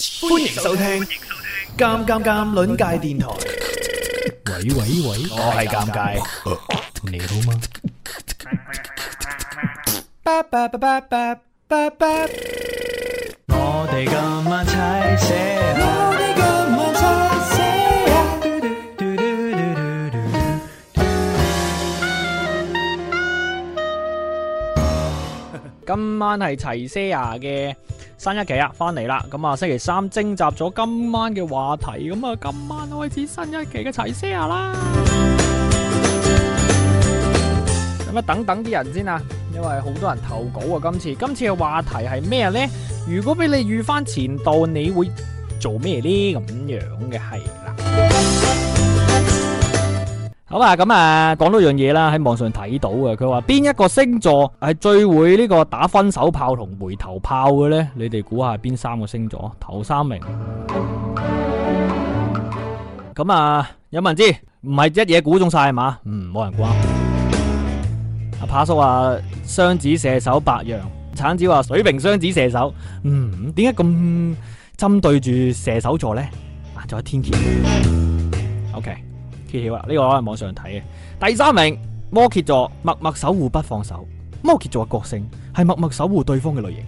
歡迎收聽尷尷尷鄰界電台。喂喂喂，我係尷尬。你好嗎？我哋 今晚齊 share 今晚係齊 share 嘅。新一期啊，翻嚟啦！咁啊，星期三徵集咗今晚嘅話題，咁啊，今晚開始新一期嘅齊聲啦！咁啊，等等啲人先啊，因為好多人投稿啊，今次今次嘅話題係咩呢？如果俾你預翻前度，你會做咩呢？咁樣嘅係啦。好啊，咁啊，講到樣嘢啦，喺網上睇到嘅，佢話邊一個星座係最會呢個打分手炮同回頭炮嘅呢？你哋估下邊三個星座頭三名？咁、嗯、啊，有冇人知？唔係一嘢估中晒嘛？嗯，冇人估。阿怕叔話雙子射手白羊，橙子話水瓶雙子射手。嗯，點解咁針對住射手座呢？啊，就喺天蠍。O K。揭曉啦！呢個我喺網上睇嘅。第三名摩羯座，默默守護不放手。摩羯座嘅個性係默默守護對方嘅類型，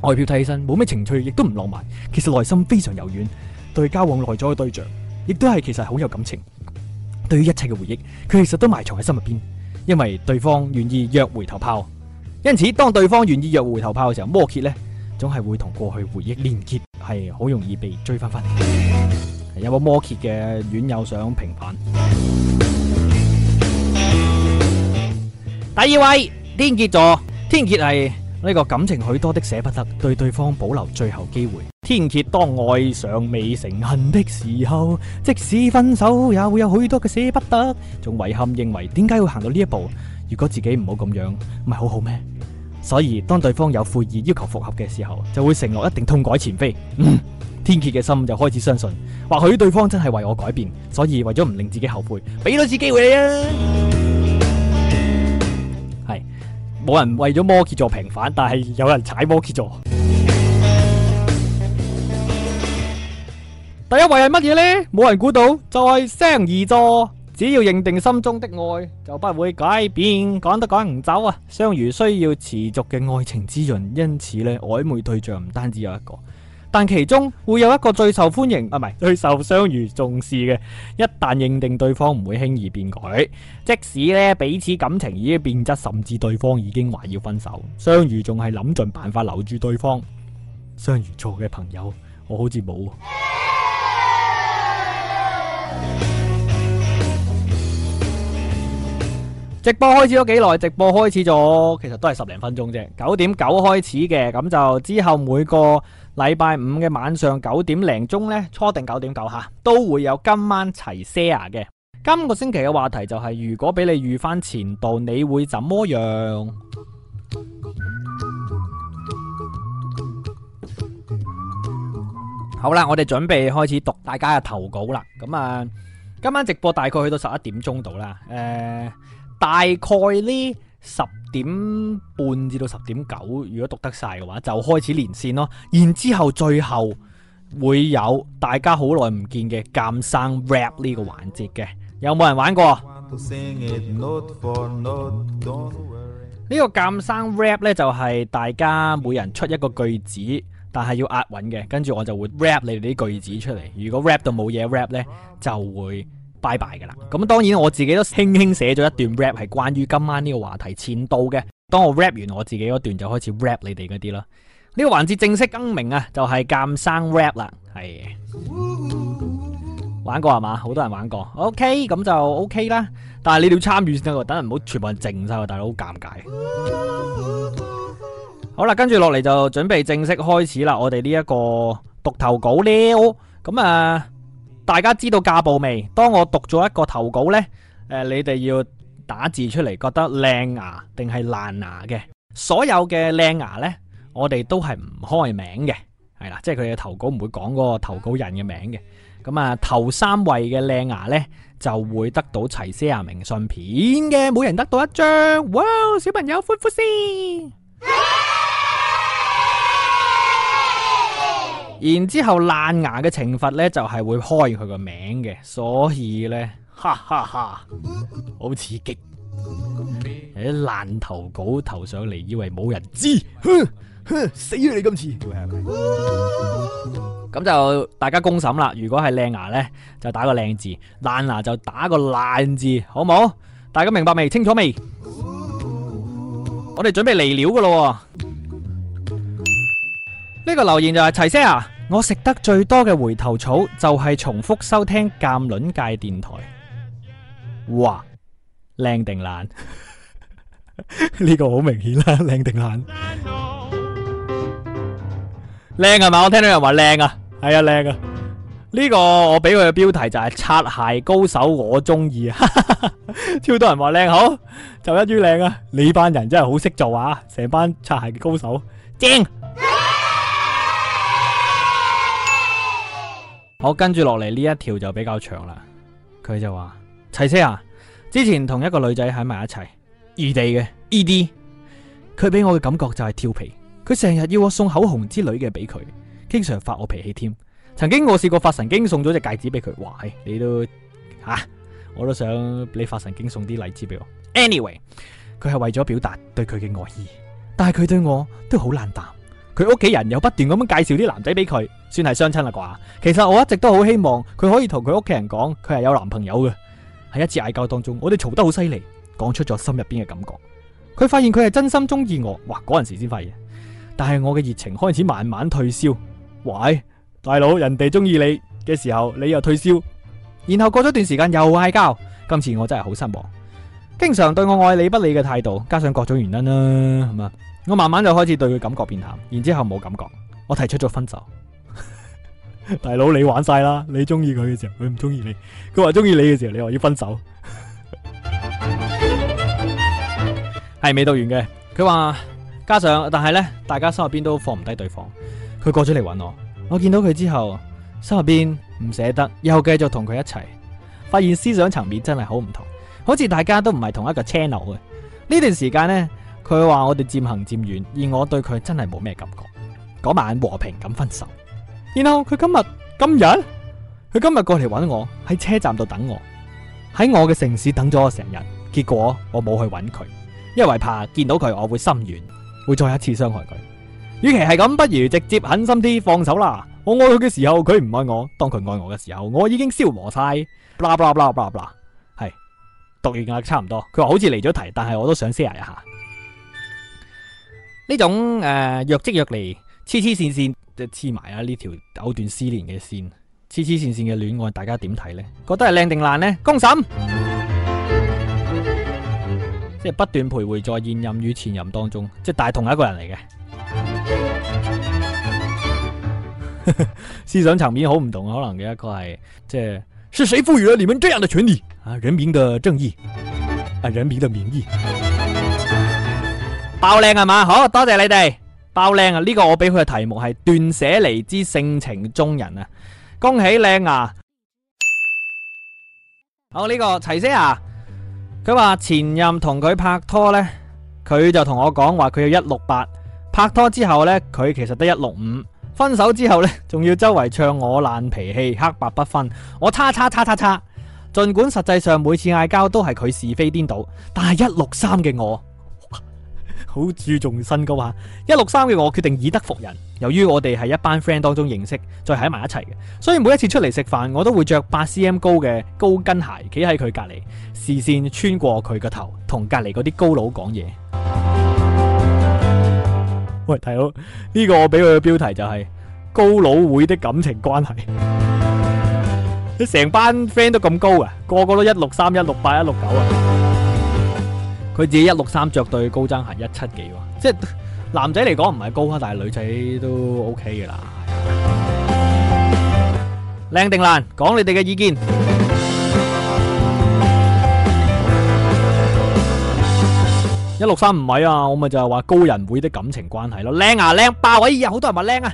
外表睇起身冇咩情趣，亦都唔浪漫，其實內心非常柔軟，對交往耐咗嘅對象，亦都係其實好有感情。對於一切嘅回憶，佢其實都埋藏喺心入邊，因為對方願意約回頭炮，因此當對方願意約回頭炮嘅時候，摩羯呢，總係會同過去回憶連結，係好容易被追翻翻嚟。有個摩羯嘅戀友想平反。第二位天蠍座，天蠍係呢個感情許多的捨不得，對對方保留最後機會。天蠍當愛尚未成恨的時候，即使分手也會有許多嘅捨不得，仲遺憾認為點解要行到呢一步？如果自己唔好咁樣，唔係好好咩？所以當對方有悔意要求復合嘅時候，就會承諾一定痛改前非。天蠍嘅心就開始相信，或許對方真係為我改變，所以為咗唔令自己後悔，俾多次機會你啊！係冇 人為咗摩羯座平反，但係有人踩摩羯座。 第一位係乜嘢呢？冇人估到，就係雙魚座。只要認定心中的愛，就不會改變。趕都趕唔走啊！雙魚需要持續嘅愛情滋潤，因此呢，曖昧對象唔單止有一個。但其中會有一個最受歡迎，唔係，最受雙魚重視嘅。一旦認定對方唔會輕易變改，即使咧彼此感情已經變質，甚至對方已經話要分手，雙魚仲係諗盡辦法留住對方。雙魚座嘅朋友，我好似冇。直播開始咗幾耐？直播開始咗，其實都係十零分鐘啫。九點九開始嘅，咁就之後每個禮拜五嘅晚上九點零鐘呢，初定九點九吓，都會有今晚齊 share 嘅。今個星期嘅話題就係、是、如果俾你遇翻前度，你會怎麼樣？好啦，我哋準備開始讀，大家嘅投稿啦。咁啊，今晚直播大概去到十一點鐘度啦。誒、呃。大概呢十點半至到十點九，如果讀得晒嘅話，就開始連線咯。然之後最後會有大家好耐唔見嘅鑑生 rap 呢個環節嘅，有冇人玩過？呢 個鑑生 rap 呢，就係、是、大家每人出一個句子，但係要押韻嘅。跟住我就會 rap 你哋啲句子出嚟。如果 rap 到冇嘢 rap 呢，就會。拜拜噶啦！咁當然我自己都輕輕寫咗一段 rap 係關於今晚呢個話題前到嘅。當我 rap 完我自己嗰段就開始 rap 你哋嗰啲啦。呢個環節正式更名啊，就係鑑生 rap 啦。係玩過係嘛？好多人玩過。OK，咁就 OK 啦。但係你要參與先得，等陣唔好全部人靜晒，大佬好尷尬。好啦，跟住落嚟就準備正式開始啦。我哋呢一個獨頭稿料咁啊。哦大家知道價報未？當我讀咗一個投稿呢，誒，你哋要打字出嚟，覺得靚牙定係爛牙嘅。所有嘅靚牙呢，我哋都係唔開名嘅，係啦，即係佢嘅投稿唔會講嗰個投稿人嘅名嘅。咁啊，頭三位嘅靚牙呢就會得到齊西亞明信片嘅，每人得到一張。哇，小朋友歡呼先！然之後爛牙嘅懲罰咧就係、是、會開佢個名嘅，所以咧，哈哈哈，好刺激！誒、哎，爛投稿投上嚟，以為冇人知，哼哼，死咗你今次！咁就大家公審啦，如果係靚牙咧就打個靚字，爛牙就打個爛字，好冇？大家明白未？清楚未？我哋準備嚟料噶啦。呢個留言就係齊聲啊！我食得最多嘅回頭草就係、是、重複收聽監論界電台。哇，靚定爛？呢 個好明顯啦，靚定爛。靚係咪？我聽到有人話靚啊，係啊，靚啊。呢、呢個我俾佢嘅標題就係、是、擦鞋高手我喜歡，我中意。 超多人話靚好，就一於靚啊！你班人真係好識做啊，成班擦鞋嘅高手正。我跟住落嚟呢一條就比較長啦，佢就話齊車啊，之前同一個女仔喺埋一齊，異地嘅 E D，佢俾我嘅感覺就係調皮，佢成日要我送口紅之類嘅俾佢，經常發我脾氣添。曾經我試過發神經送咗隻戒指俾佢，話你都吓、啊，我都想你發神經送啲荔枝俾我。Anyway，佢係為咗表達對佢嘅愛意，但係佢對我都好冷淡。佢屋企人又不斷咁樣介紹啲男仔俾佢，算係相親啦啩。其實我一直都好希望佢可以同佢屋企人講，佢係有男朋友嘅。喺一次嗌交當中，我哋嘈得好犀利，講出咗心入邊嘅感覺。佢發現佢係真心中意我，哇！嗰陣時先發現，但係我嘅熱情開始慢慢退燒。喂，大佬，人哋中意你嘅時候，你又退燒，然後過咗段時間又嗌交。今次我真係好失望，經常對我愛理不理嘅態度，加上各種原因啦、啊，係嘛？我慢慢就開始對佢感覺變淡，然之後冇感覺，我提出咗分手。 大佬你玩晒啦，你中意佢嘅時候，佢唔中意你；佢話中意你嘅時候，你話要分手。係 未讀完嘅，佢話加上，但係呢，大家心入邊都放唔低對方。佢過咗嚟搵我，我見到佢之後，心入邊唔捨得，以後繼續同佢一齊，發現思想層面真係好唔同，好似大家都唔係同一個 channel 嘅。呢段時間呢。佢話我哋漸行漸遠，而我對佢真係冇咩感覺。嗰晚，和平咁分手，然後佢今日今日佢今日過嚟搵我，喺車站度等我，喺我嘅城市等咗我成日，結果我冇去搵佢，因為怕見到佢我會心軟，會再一次傷害佢。與其係咁，不如直接狠心啲放手啦。我愛佢嘅時候佢唔愛我，當佢愛我嘅時候我已經消磨晒。啦啦啦啦啦啦，係讀完壓力差唔多。佢話好似嚟咗題，但係我都想 share 一下。呢種誒、呃、若即若離、痴痴線線嘅黐埋啊，呢條藕斷絲連嘅線，痴痴線線嘅戀愛，大家點睇呢？覺得係靚定爛呢？公審，即係 不斷徘徊在現任與前任當中，即、就、係、是、大同一個人嚟嘅。 思想層面好唔同，可能嘅一個係，即、就、係、是。是誰賦予了你們這樣的權利？啊，人民的正義，啊，人民的名義。爆靚係嘛，好多謝你哋爆靚啊！呢個我俾佢嘅題目係斷捨離之性情中人啊！恭喜靚啊！好呢個齊姐啊！佢話前任同佢拍拖呢，佢就同我講話佢要一六八，拍拖之後呢，佢其實得一六五，分手之後呢，仲要周圍唱我爛脾氣黑白不分，我叉叉叉叉叉，叉，叉，儘管實際上每次嗌交都係佢是非顛倒，但係一六三嘅我。好注重身高啊。一六三嘅我決定以德服人。由於我哋係一班 friend 當中認識，再喺埋一齊嘅，所以每一次出嚟食飯，我都會着八 cm 高嘅高跟鞋，企喺佢隔籬，視線穿過佢個頭，同隔籬嗰啲高佬講嘢。喂，大佬，呢個我俾佢嘅標題就係高佬會的感情關係。你成班 friend 都咁高啊，個個都一六三、一六八、一六九啊。佢自己一六三，著對高踭鞋一七幾喎，即係男仔嚟講唔係高，但係女仔都 O K 嘅啦。靚定爛，講你哋嘅意見，一六三唔係啊！我咪就係話高人會啲感情關係咯。靚啊，靚霸位啊！好多人話靚啊。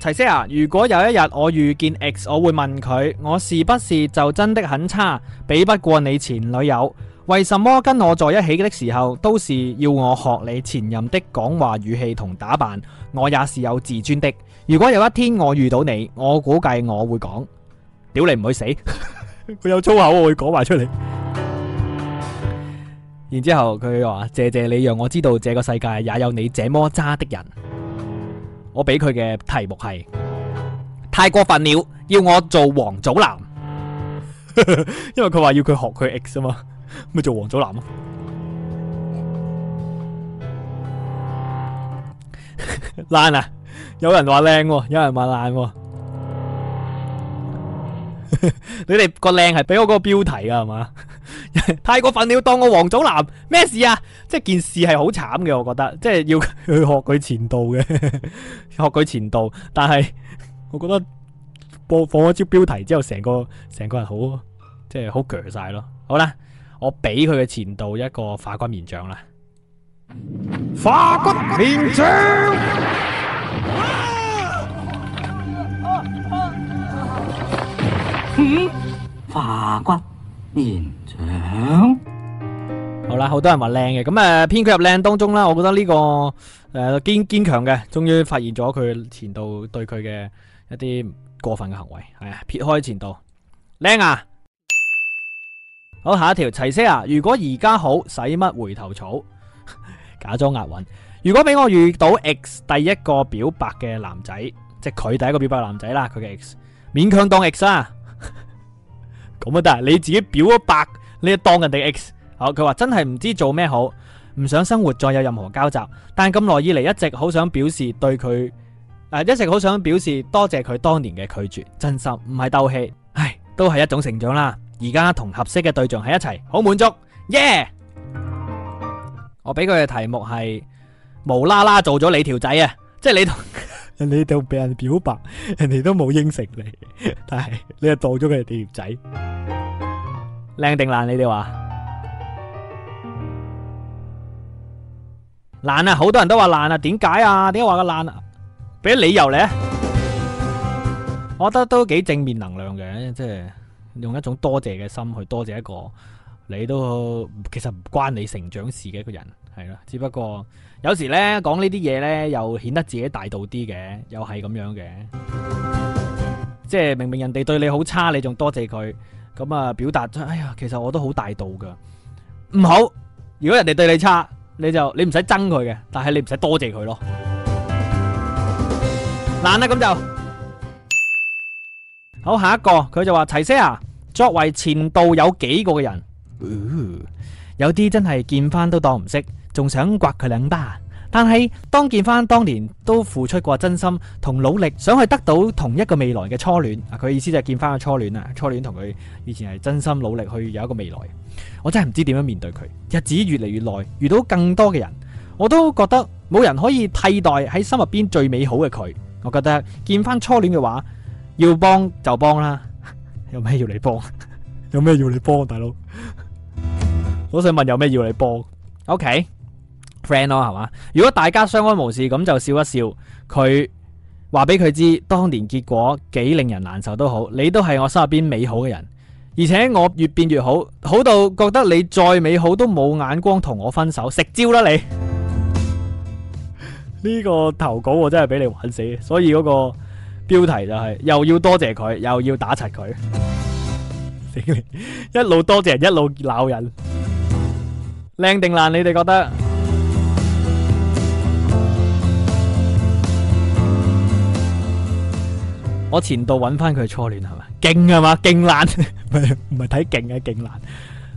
齊 Sir 啊，如果有一日我遇見 X，我會問佢：我是不是就真的很差，比不過你前女友？為什麼跟我在一起的時候，都是要我學你前任的講話語氣同打扮？我也是有自尊的。如果有一天我遇到你，我估計我會講：屌你唔會死，佢 有粗口我會講埋出嚟。 然之後佢話：謝謝你讓我知道這個世界也有你這麼渣的人。我俾佢嘅題目係太過分了，要我做王祖藍， 因為佢話要佢學佢 X 啊嘛。咪做王祖藍咯，爛 啊！有人話靚啊，有人話爛啊。 你哋個靚係俾我嗰個標題噶係嘛？ 太過分了，當我王祖藍咩事啊？即係件事係好慘嘅，我覺得即係要去學佢前度嘅， 學佢前度。但係我覺得播放咗招標題之後，成個成個人好即係好鋸晒咯。好啦。我俾佢嘅前度一個化骨面獎啦！化骨面獎，化、啊啊啊啊啊啊嗯、骨面獎。好啦，好多人話靚嘅，咁誒，編、啊、佢入靚當中啦。我覺得呢、這個誒堅堅強嘅，終、啊、於發現咗佢前度對佢嘅一啲過分嘅行為，係啊，撇開前度靚啊！好，下一條齊聲啊！如果而家好，使乜回頭草？ 假裝押韻。如果俾我遇到 X 第一個表白嘅男仔，即係佢第一個表白男仔啦，佢嘅 X 勉強當 X 啦。咁咪得，你自己表咗白，你當人哋 X。好，佢話真係唔知做咩好，唔想生活再有任何交集，但咁耐以嚟一直好想表示對佢，誒、呃，一直好想表示多謝佢當年嘅拒絕，真心唔係鬥氣，唉，都係一種成長啦。而家同合適嘅對象喺一齊，好滿足，耶！我俾佢嘅題目係無啦啦做咗你條仔啊，即係你同你同俾人表白，人哋都冇應承你，但係你又做咗佢條仔，靚定爛？你哋話爛啊！好多人都話爛啊，點解啊？點解話佢爛啊？俾啲理由咧。我覺得都幾正面能量嘅，即係。用一種多謝嘅心去多謝一個你都其實唔關你成長事嘅一個人係啦，只不過有時呢，講呢啲嘢呢，又顯得自己大度啲嘅，又係咁樣嘅， 即係明明人哋對你好差，你仲多謝佢，咁啊表達出哎呀，其實我都好大度噶。唔好，如果人哋對你差，你就你唔使憎佢嘅，但係你唔使多謝佢咯， 難啦咁就。好下一個，佢就話齊 Sir 啊，作為前度有幾個嘅人，呃、有啲真係見翻都當唔識，仲想刮佢兩巴。但係當見翻當年都付出過真心同努力，想去得到同一個未來嘅初戀，啊佢意思就係見翻個初戀啊，初戀同佢以前係真心努力去有一個未來。我真係唔知點樣面對佢，日子越嚟越耐，遇到更多嘅人，我都覺得冇人可以替代喺心入邊最美好嘅佢。我覺得見翻初戀嘅話。要幫就幫啦， 有咩要你幫？ 有咩要你幫，大佬？ 我想問有咩要你幫？O.K. friend 咯、啊，係嘛？如果大家相安無事，咁就笑一笑。佢話俾佢知當年結果幾令人難受都好，你都係我心入邊美好嘅人，而且我越變越好，好到覺得你再美好都冇眼光同我分手，食蕉啦、啊、你呢個投稿我真係俾你玩死，所以嗰、那個。標題就係、是、又要多謝佢，又要打柒佢， 一路多謝一路鬧人，靚定爛？你哋覺得？ 我前度揾翻佢初戀係咪？勁係嘛？勁爛？唔係唔係睇勁嘅，勁爛。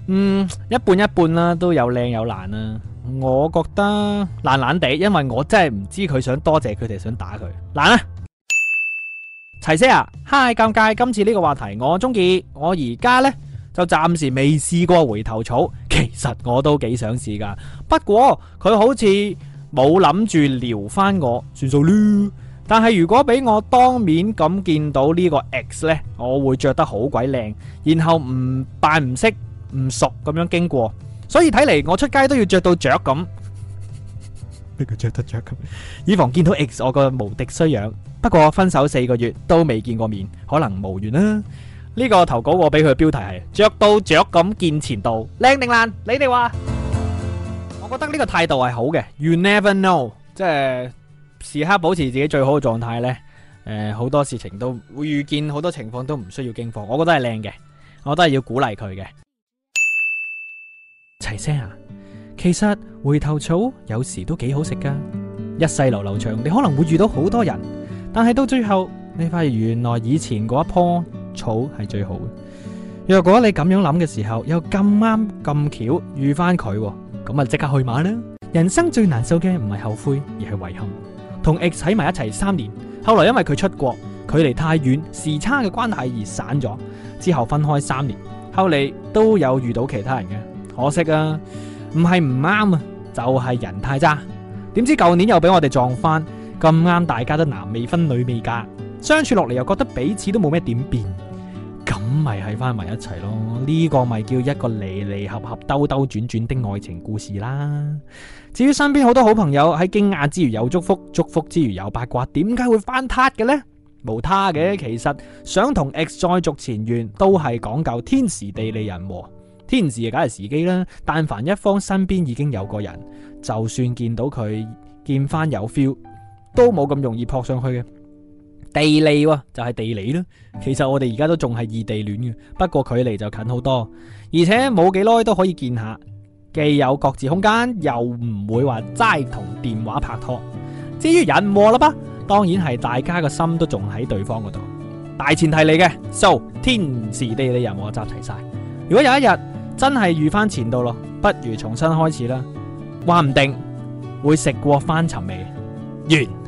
嗯，一半一半啦，都有靚有爛啦、啊。我覺得爛爛地，因為我真係唔知佢想多謝佢哋，想打佢爛啊！齊 Sir，嗨，尷尬，今次呢個話題我中意，我而家咧就暫時未試過回頭草，其實我都幾想試噶，不過佢好似冇諗住撩翻我，算數啦。但係如果俾我當面咁見到呢個 X 咧，我會着得好鬼靚，然後唔扮唔識唔熟咁樣經過，所以睇嚟我出街都要着到着咁，俾佢着得着咁？以防見到 X，我個無敵衰樣。不過分手四個月都未見過面，可能無緣啦。呢、這個投稿我俾佢嘅標題係着到着咁見前度靚定爛，你哋話？我覺得呢個態度係好嘅。You never know，即係時刻保持自己最好嘅狀態呢。誒、呃，好多事情都會遇見，好多情況都唔需要驚慌。我覺得係靚嘅，我都係要鼓勵佢嘅。齊聲啊！其實回頭草有時都幾好食噶。一世流流長，你可能會遇到好多人。但係到最後，你發現原來以前嗰一樖草係最好嘅。若果你咁樣諗嘅時候，又咁啱咁巧遇翻佢，咁啊即刻去馬啦！人生最難受嘅唔係後悔，而係遺憾。同 X 喺埋一齊三年，後來因為佢出國，距離太遠，時差嘅關係而散咗。之後分開三年，後嚟都有遇到其他人嘅，可惜啊，唔係唔啱啊，就係、是、人太渣。點知舊年又俾我哋撞翻咁啱，大家都男未婚女未嫁，相處落嚟又覺得彼此都冇咩點變，咁咪喺翻埋一齊咯。呢個咪叫一個離離合合、兜兜轉轉的愛情故事啦。至於身邊好多好朋友喺驚訝之餘有祝福，祝福之餘有八卦，點解會翻撻嘅呢？無他嘅，其實想同 X 再續前緣都係講究天時地利人和。天時梗係時機啦，但凡一方身邊已經有個人，就算見到佢見翻有 feel，都冇咁容易撲上去嘅，地利、啊、就係、是、地理啦。其實我哋而家都仲係異地戀嘅，不過距離就近好多，而且冇幾耐都可以見下，既有各自空間，又唔會話齋同電話拍拖。至於人和啦，當然係大家個心都仲喺對方嗰度，大前提嚟嘅。So 天時地利人和集齊晒，如果有一日真係遇翻前度咯，不如重新開始啦，話唔定會食過翻尋味。完。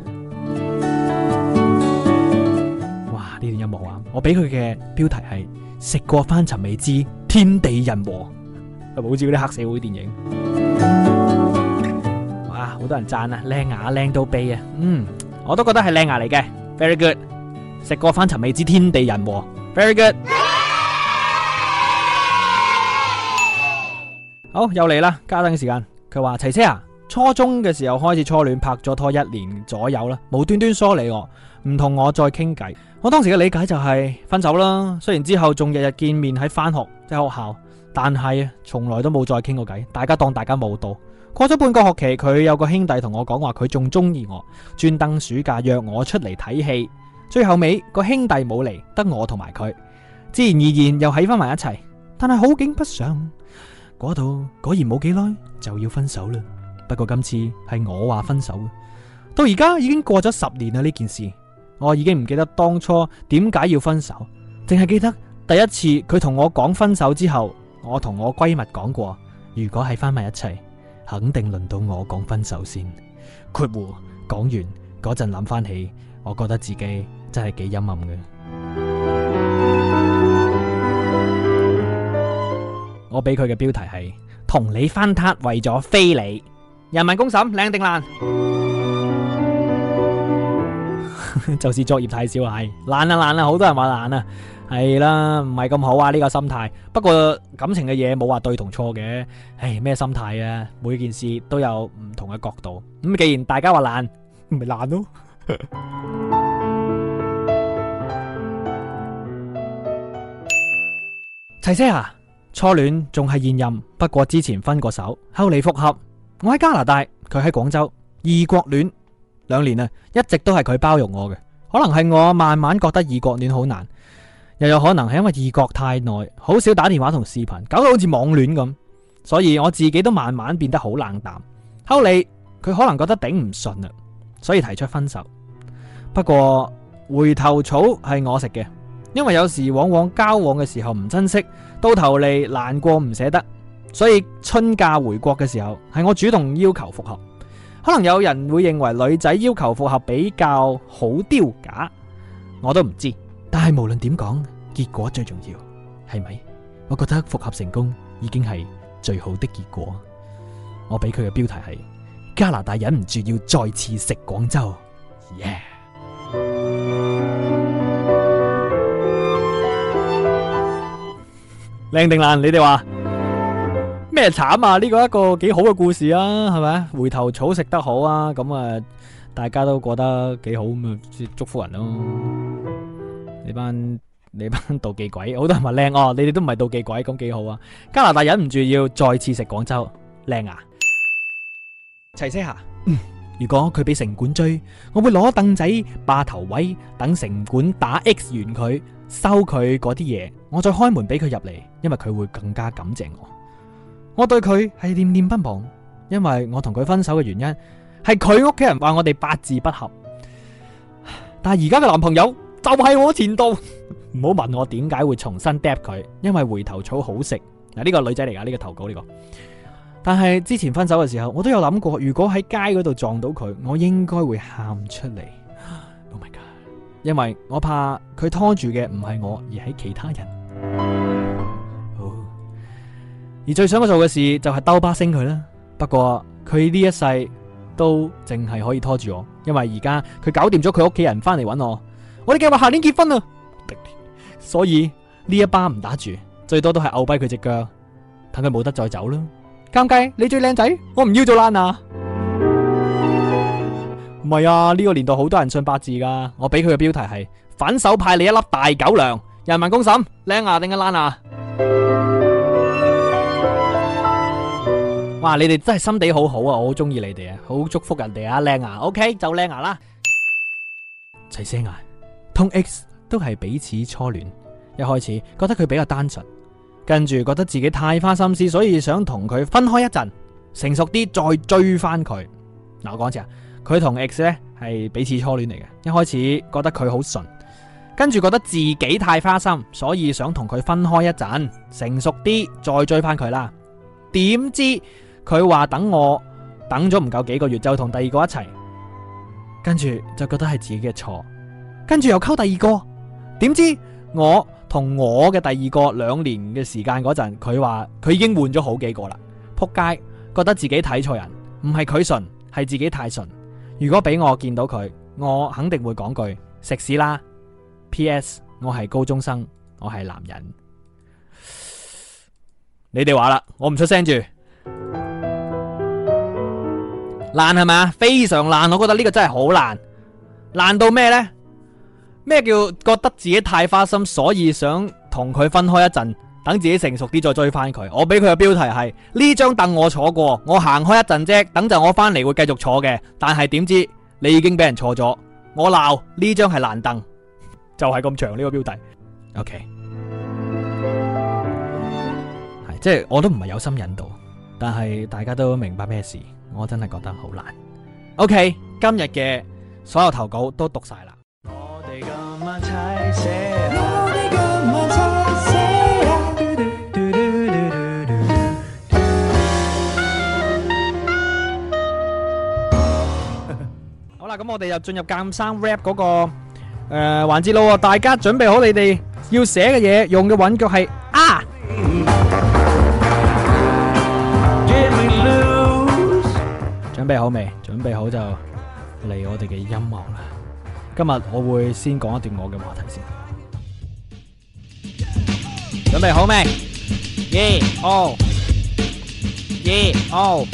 我俾佢嘅標題係食過翻尋味之天地人和，係咪好似嗰啲黑社會電影？哇，好多人讚啊，靚牙靚到痹啊，嗯，我都覺得係靚牙嚟嘅，very good。食過翻尋味之天地人和，very good。啊、好又嚟啦，加燈嘅時間。佢話齊車啊，初中嘅時候開始初戀，拍咗拖一年左右啦，無端端疏離我，唔同我再傾偈。我當時嘅理解就係分手啦，雖然之後仲日日見面喺翻學，即係學校，但係啊從來都冇再傾過偈，大家當大家冇到。過咗半個學期，佢有個兄弟同我講話，佢仲中意我，專登暑假約我出嚟睇戲。最後尾個兄弟冇嚟，得我同埋佢，自然而然又喺翻埋一齊。但係好景不長，嗰度果然冇幾耐就要分手啦。不過今次係我話分手，到而家已經過咗十年啦呢件事。我已經唔記得當初點解要分手，淨係記得第一次佢同我講分手之後，我同我閨蜜講過，如果係翻埋一齊，肯定輪到我講分手先。括弧，講完嗰陣諗翻起，我覺得自己真係幾陰暗嘅。我俾佢嘅標題係同你翻撻為咗飛你，人民公審靚定爛。就是作業太少啊，係懶啦懶啦，好多人話懶啊，係啦，唔係咁好啊呢個心態。不過感情嘅嘢冇話對同錯嘅，唉咩心態啊？每件事都有唔同嘅角度。咁既然大家話懶，咪懶咯。齊姐啊，初戀仲係現任，不過之前分過手，後嚟復合。我喺加拿大，佢喺廣州，異國戀。兩年啦，一直都係佢包容我嘅。可能係我慢慢覺得異國戀好難，又有可能係因為異國太耐，好少打電話同視頻，搞到好似網戀咁。所以我自己都慢慢變得好冷淡。後嚟佢可能覺得頂唔順啦，所以提出分手。不過回頭草係我食嘅，因為有時往往交往嘅時候唔珍惜，到頭嚟難過唔捨得，所以春假回國嘅時候係我主動要求復合。可能有人會認為女仔要求復合比較好丟架，我都唔知。但係無論點講，結果最重要，係咪？我覺得復合成功已經係最好的結果。我俾佢嘅標題係：加拿大忍唔住要再次食廣州，耶！靚定爛，你哋話？咩慘啊？呢個一個幾好嘅故事啊，係咪？回頭草食得好啊，咁啊，大家都過得幾好咁啊，祝祝福人咯。你班你班妒忌鬼，好多人話靚哦，你哋都唔係妒忌鬼，咁幾好啊。加拿大忍唔住要再次食廣州靚啊，齊聲下。如果佢俾城管追，我會攞凳仔霸頭位，等城管打 x 完佢，收佢嗰啲嘢，我再開門俾佢入嚟，因為佢會更加感謝我。我對佢係念念不忘，因為我同佢分手嘅原因係佢屋企人話我哋八字不合。但係而家嘅男朋友就係我前度，唔好問我點解會重新搭佢，因為回頭草好食。嗱，呢個，呢個女仔嚟㗎呢個投稿呢個，這個，但係之前分手嘅時候，我都有諗過，如果喺街嗰度撞到佢，我應該會喊出嚟。Oh my God！因為我怕佢拖住嘅唔係我，而係其他人。而最想我做嘅事就係兜巴星佢啦，不過佢呢一世都淨係可以拖住我，因為而家佢搞掂咗佢屋企人翻嚟揾我，我哋計劃下年結婚啊， 所以呢一巴唔打住，最多都係拗跛佢隻腳，等佢冇得再走啦。尷尬，你最靚仔，我唔要做爛牙！唔係啊，呢個年代好多人信八字噶，我俾佢嘅標題係反手派你一粒大狗糧，人民公審，靚牙，定係爛牙？哇、啊！你哋真係心地好好啊，我好中意你哋啊，好祝福人哋啊，靚牙啊，OK 就靚牙啊啦。齊星啊，同 X 都係彼此初戀。一開始覺得佢比較單純，跟住覺得自己太花心思，所以想同佢分開一陣，成熟啲再追翻佢。嗱，我講一次啊，佢同 X 呢係彼此初戀嚟嘅。一開始覺得佢好純，跟住覺得自己太花心，所以想同佢分開一陣，成熟啲再追翻佢啦。點知？佢話等我等咗唔夠幾個月就同第二個一齊，跟住就覺得係自己嘅錯，跟住又溝第二個，點知我同我嘅第二個兩年嘅時間嗰陣，佢話佢已經換咗好幾個啦，扑街，覺得自己睇錯人，唔係佢純，係自己太純。如果俾我見到佢，我肯定會講句食屎啦。P.S. 我係高中生，我係男人。你哋話啦，我唔出聲住。爛係咪？非常爛，我覺得呢個真係好爛，爛到咩呢？咩叫覺得自己太花心，所以想同佢分開一陣，等自己成熟啲再追翻佢？我俾佢嘅標題係：呢張凳我坐過，我行開一陣啫，等陣我翻嚟會繼續坐嘅。但係點知你已經俾人坐咗，我鬧呢張係爛凳，這是 就係咁長呢個標題。OK，係即係我都唔係有心引導，但係大家都明白咩事。我真係覺得好難。OK，今日嘅所有投稿都讀晒啦。好啦，咁我哋又進入監生 rap 嗰個誒環節咯。大家準備好你哋要寫嘅嘢，用嘅韻腳係啊。準備好未？準備好就嚟我哋嘅音樂啦！今日我會先講一段我嘅話題先。準備好未？Yeah! Oh! Yeah! Oh!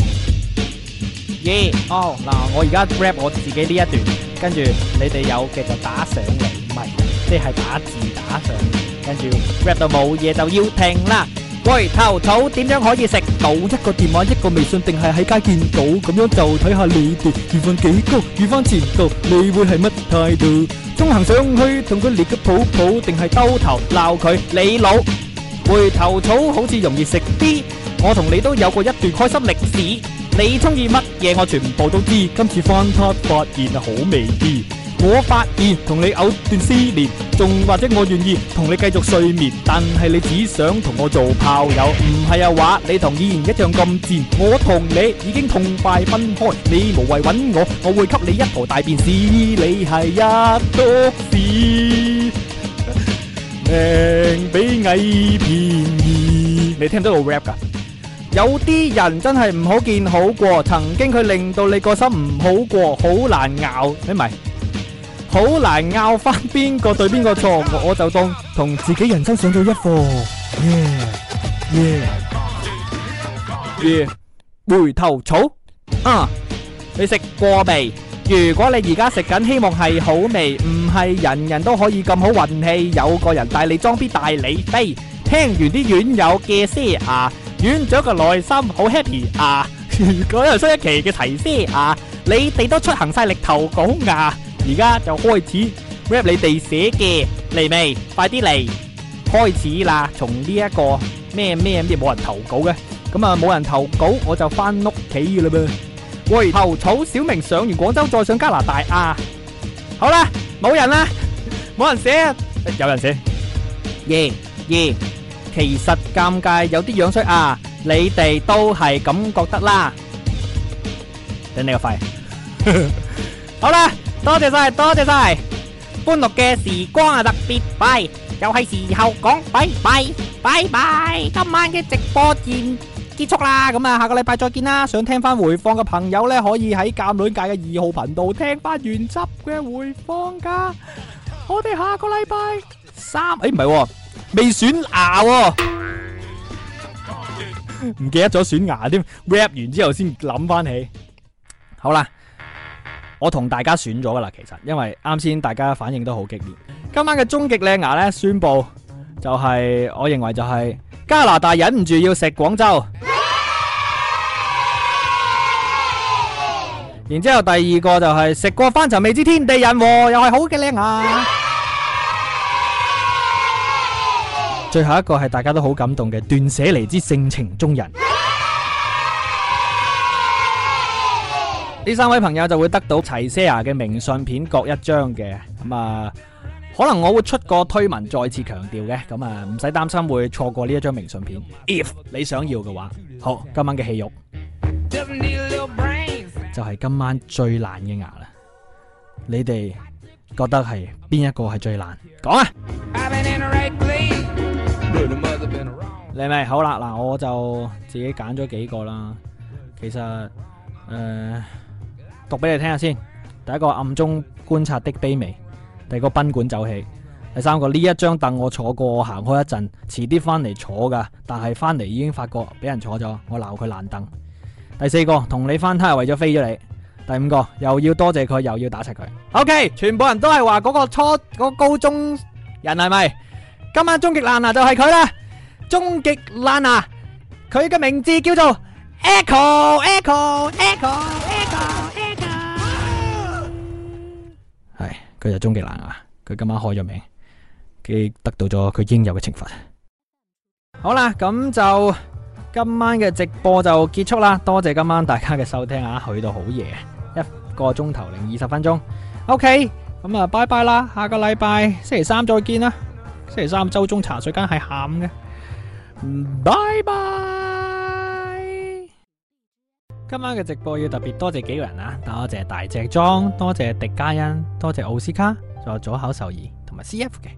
Yeah! Oh! 嗱，我而家 rap 我自己呢一段，跟住你哋有嘅就打上嚟，唔係即係打字打上嚟。跟住 rap 到冇嘢就要停啦。回頭草點樣可以食？到一個電話，一個微信，定係喺街見到咁樣，就睇下你哋緣分幾高，遇翻前度你會係乜態度？中行上去同佢列個抱抱，定係兜頭鬧佢你老？回頭草好似容易食啲，我同你都有過一段開心歷史，你中意乜嘢我全部都知，今次翻撻發現好味啲。我發現同你藕斷絲連，仲或者我願意同你繼續睡眠，但係你只想同我做炮友，唔係啊話你同依然一樣咁賤，我同你已經痛快分開，你無謂揾我，我會給你一坨大便，屎，你係一督屎。命比矮便宜。你聽得到 rap 噶？有啲人真係唔好見好過，曾經佢令到你個心唔好過，好難熬，睇埋。好難拗翻邊個對邊個錯，我就當同自己人生上咗一課。耶耶耶！回頭草啊，你食過未？如果你而家食緊，希望係好味。唔係人人都可以咁好運氣，有個人帶你裝逼帶你飛。聽完啲院友嘅詩啊，院長嘅內心好 happy 啊！嗰日新一期嘅題詩啊，你哋都出行晒力投稿呀。啊而家就開始 rap 你哋寫嘅嚟未？快啲嚟！開始啦，從呢一個咩咩啲冇人投稿嘅，咁啊冇人投稿我就翻屋企啦噃。喂，頭草小明上完廣州再上加拿大啊！好啦，冇人啦，冇人寫啊！有人寫。耶耶，其實尷尬有啲樣衰啊！你哋都係咁覺得啦。頂你個肺！好啦。多謝晒，多謝晒。歡樂嘅時光啊，特別快，又係時候講拜拜拜拜。Bye. Bye. Bye. Bye. 今晚嘅直播現結束啦，咁啊，下個禮拜再見啦。想聽翻回放嘅朋友咧，可以喺鑒女界嘅二號頻道聽翻原汁嘅回放噶。我哋下個禮拜三，誒唔係，未、啊、選牙、啊，唔記得咗選牙添 rap 完之後先諗翻起。好啦。我同大家選咗噶啦，其實因為啱先大家反應都好激烈。今晚嘅終極靚牙呢，宣布就係、是、我認為就係、是、加拿大忍唔住要食廣州，啊、然之後第二個就係、是、食過翻尋味之天地人和、哦，又係好嘅靚牙，啊、最後一個係大家都好感動嘅斷捨離之性情中人。呢三位朋友就會得到齊西亞嘅明信片各一張嘅，咁啊，可能我會出個推文再次強調嘅，咁啊，唔使擔心會錯過呢一張明信片，if 你想要嘅話。好，今晚嘅戲肉就係今晚最難嘅牙啦，你哋覺得係邊一個係最難？講啊！係咪好啦，嗱，我就自己揀咗幾個啦，其實誒。讀俾你聽下先。第一個，暗中觀察的卑微，第二個，賓館走起。第三個，呢一張凳我坐過，我行開一陣，遲啲翻嚟坐噶，但係翻嚟已經發覺俾人坐咗，我鬧佢爛凳。第四個，同你翻枱係為咗飛咗你，第五個，又要多謝佢又要打柒佢。OK，全部人都係話嗰個初嗰、嗰個、高中人係咪？今晚終極爛啊就係佢啦！終極爛啊，佢嘅名字叫做 Echo，Echo，Echo，Echo Echo,。Echo, 佢就終極難啊！佢今晚開咗名，佢得到咗佢應有嘅懲罰。好啦，咁就今晚嘅直播就結束啦！多謝今晚大家嘅收聽啊，去到好夜，一個鐘頭零二十分鐘。OK，咁啊，拜拜啦！下個禮拜星期三再見啦！星期三周中茶水間係下午嘅，拜拜。今晚嘅直播要特別多謝幾個人啊！多謝大隻莊，多謝狄嘉欣，多謝奧斯卡，仲有左口秀儀同埋 CF 嘅。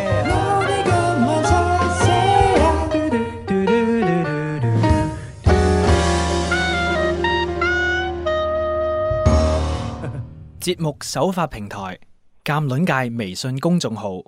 節目首發平臺：鑑論界微信公眾號。